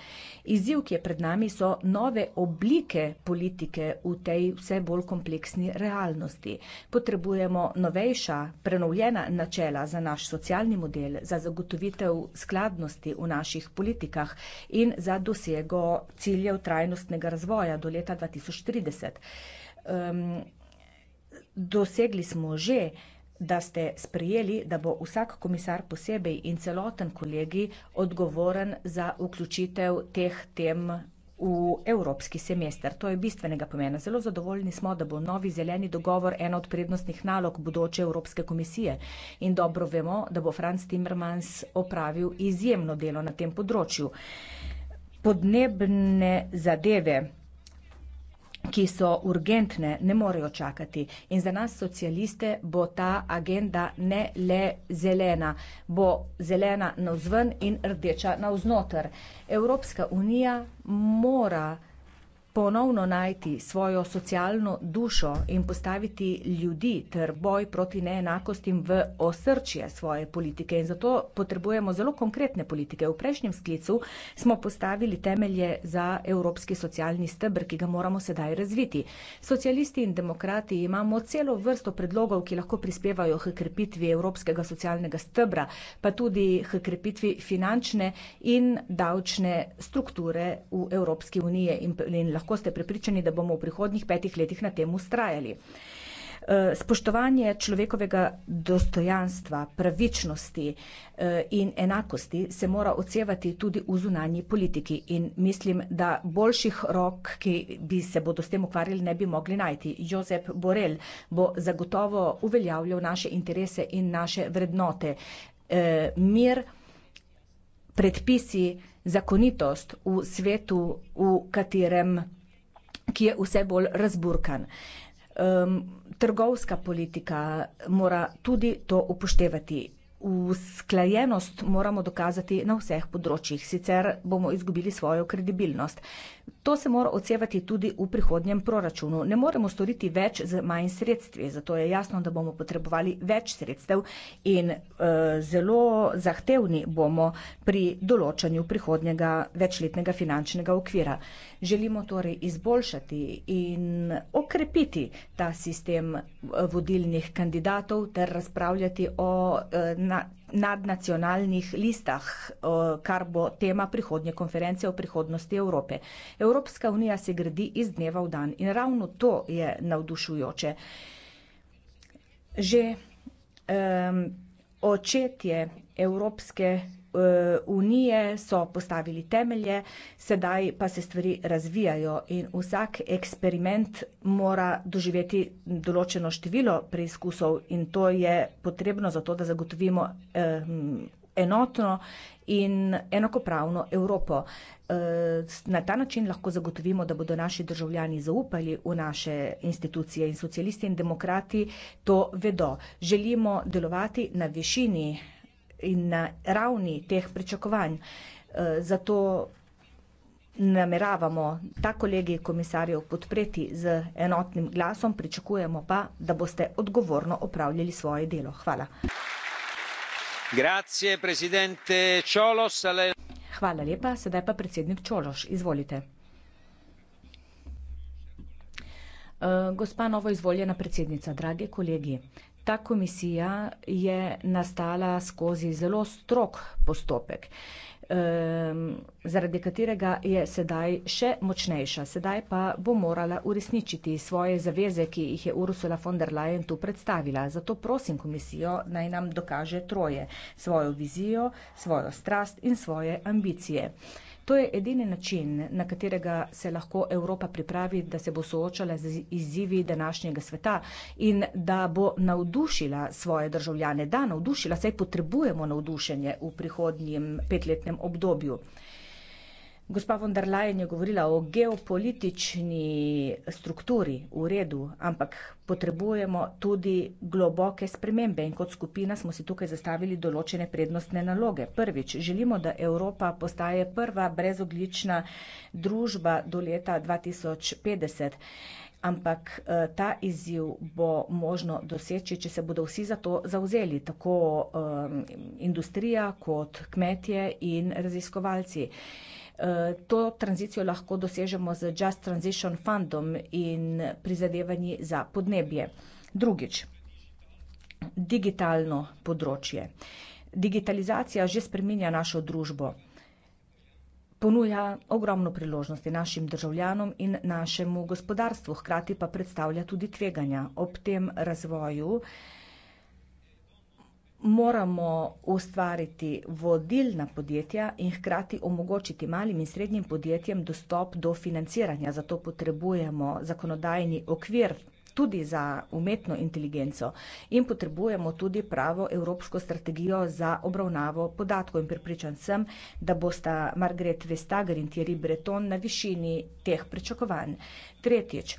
Izziv, ki je pred nami, so nove oblike politike v tej vse bolj kompleksni realnosti. Potrebujemo novejša, prenovljena načela za naš socialni model, za zagotovitev skladnosti v naših politikah in za dosego ciljev trajnostnega razvoja do leta 2030. Um, ehm, dosegli smo že, da ste sprejeli, da bo vsak komisar posebej in celoten kolegi odgovoren za vključitev teh tem v evropski semester. To je bistvenega pomena. Zelo zadovoljni smo, da bo novi zeleni dogovor ena od prednostnih nalog bodoče Evropske komisije. In dobro vemo, da bo Franz Timmermans opravil izjemno delo na tem področju. Podnebne zadeve ki so urgentne, ne morejo čakati. In za nas socialiste bo ta agenda ne le zelena, bo zelena navzven in rdeča navznoter. Evropska unija mora ponovno najti svojo socialno dušo in postaviti ljudi ter boj proti neenakostim v osrčje svoje politike. In zato potrebujemo zelo konkretne politike. V prejšnjem sklicu smo postavili temelje za evropski socialni stebr, ki ga moramo sedaj razviti. Socialisti in demokrati imamo celo vrsto predlogov, ki lahko prispevajo k krepitvi evropskega socialnega stebra, pa tudi k krepitvi finančne in davčne strukture v Evropski uniji in, in lahko lahko ste prepričani, da bomo v prihodnjih petih letih na tem ustrajali. Eh, spoštovanje človekovega dostojanstva, pravičnosti eh, in enakosti se mora odsevati tudi v zunanji politiki in mislim, da boljših rok, ki bi se bodo s tem ukvarjali, ne bi mogli najti. Jozef Borel bo zagotovo uveljavljal naše interese in naše vrednote. Eh, mir, predpisi, zakonitost v svetu, v katerem, ki je vse bolj razburkan. Um, trgovska politika mora tudi to upoštevati. Usklajenost moramo dokazati na vseh področjih, sicer bomo izgubili svojo kredibilnost. To se mora odsevati tudi v prihodnjem proračunu. Ne moremo storiti več z manj sredstvi, zato je jasno, da bomo potrebovali več sredstev in e, zelo zahtevni bomo pri določanju prihodnjega večletnega finančnega okvira. Želimo torej izboljšati in okrepiti ta sistem eh, vodilnih kandidatov ter razpravljati o e, na, nadnacionalnih listah, kar bo tema prihodnje konference o prihodnosti Evrope. Evropska unija se gradi iz dneva v dan in ravno to je navdušujoče. Že um, očetje Evropske Eh, unije, so postavili temelje, sedaj pa se stvari razvijajo in vsak eksperiment mora doživeti določeno število preizkusov in to je potrebno zato, da zagotovimo eh, enotno in enakopravno Evropo. Eh, na ta način lahko zagotovimo, da bodo naši državljani zaupali v naše institucije in socialisti in demokrati to vedo. Želimo delovati na višini in na ravni teh pričakovanj. Eh, zato nameravamo ta kolegi komisarjev podpreti z enotnim glasom, pričakujemo pa, da boste odgovorno opravljali svoje delo. Hvala. Grazie, presidente Čološ. Ale... Hvala lepa, sedaj pa predsednik Čološ. Izvolite. Eh, gospa novo izvoljena predsednica, dragi kolegi, Ta komisija je nastala skozi zelo strok postopek, ehm, zaradi katerega je sedaj še močnejša. Sedaj pa bo morala uresničiti svoje zaveze, ki jih je Ursula von der Leyen tu predstavila. Zato prosim komisijo, naj nam dokaže troje. Svojo vizijo, svojo strast in svoje ambicije. To je edini način, na katerega se lahko Evropa pripravi, da se bo soočala z izzivi današnjega sveta in da bo navdušila svoje državljane. Da, navdušila, saj potrebujemo navdušenje v prihodnjem petletnem obdobju. Gospa von der Leyen je govorila o geopolitični strukturi, v redu, ampak potrebujemo tudi globoke spremembe in kot skupina smo si tukaj zastavili določene prednostne naloge. Prvič, želimo, da Evropa postaje prva brezoglična družba do leta 2050 ampak eh, ta izziv bo možno doseči, če se bodo vsi za to zauzeli, tako eh, industrija kot kmetje in raziskovalci. Eh, Eh, to tranzicijo lahko dosežemo z Just Transition Fundom in prizadevanji za podnebje. Drugič, digitalno področje. Digitalizacija že spreminja našo družbo. Ponuja ogromno priložnosti našim državljanom in našemu gospodarstvu, hkrati pa predstavlja tudi tveganja. Ob tem razvoju moramo ustvariti vodilna podjetja in hkrati omogočiti malim in srednjim podjetjem dostop do financiranja. Zato potrebujemo zakonodajni okvir tudi za umetno inteligenco in potrebujemo tudi pravo evropsko strategijo za obravnavo podatkov in pripričan sem, da bosta Margaret Vestager in Thierry Breton na višini teh pričakovanj. Tretjič,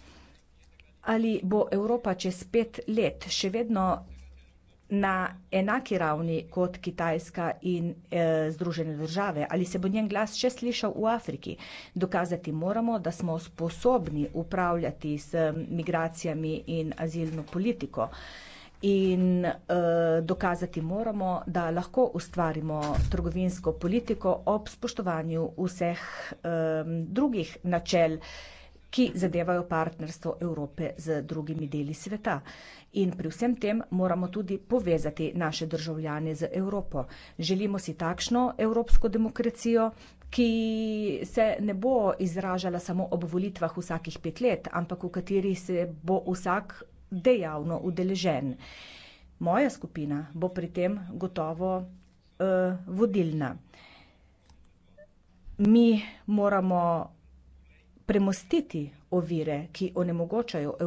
ali bo Evropa čez pet let še vedno na enaki ravni kot Kitajska in eh, Združene države? Ali se bo njen glas še slišal v Afriki? Dokazati moramo, da smo sposobni upravljati s migracijami in azilno politiko. In eh, dokazati moramo, da lahko ustvarimo trgovinsko politiko ob spoštovanju vseh eh, drugih načel eh, ki zadevajo partnerstvo Evrope z drugimi deli sveta. In pri vsem tem moramo tudi povezati naše državljane z Evropo. Želimo si takšno evropsko demokracijo, ki se ne bo izražala samo ob volitvah vsakih pet let, ampak v kateri se bo vsak dejavno udeležen. Moja skupina bo pri tem gotovo uh, vodilna. Mi moramo premostiti ovire, ki onemogočajo Evropo.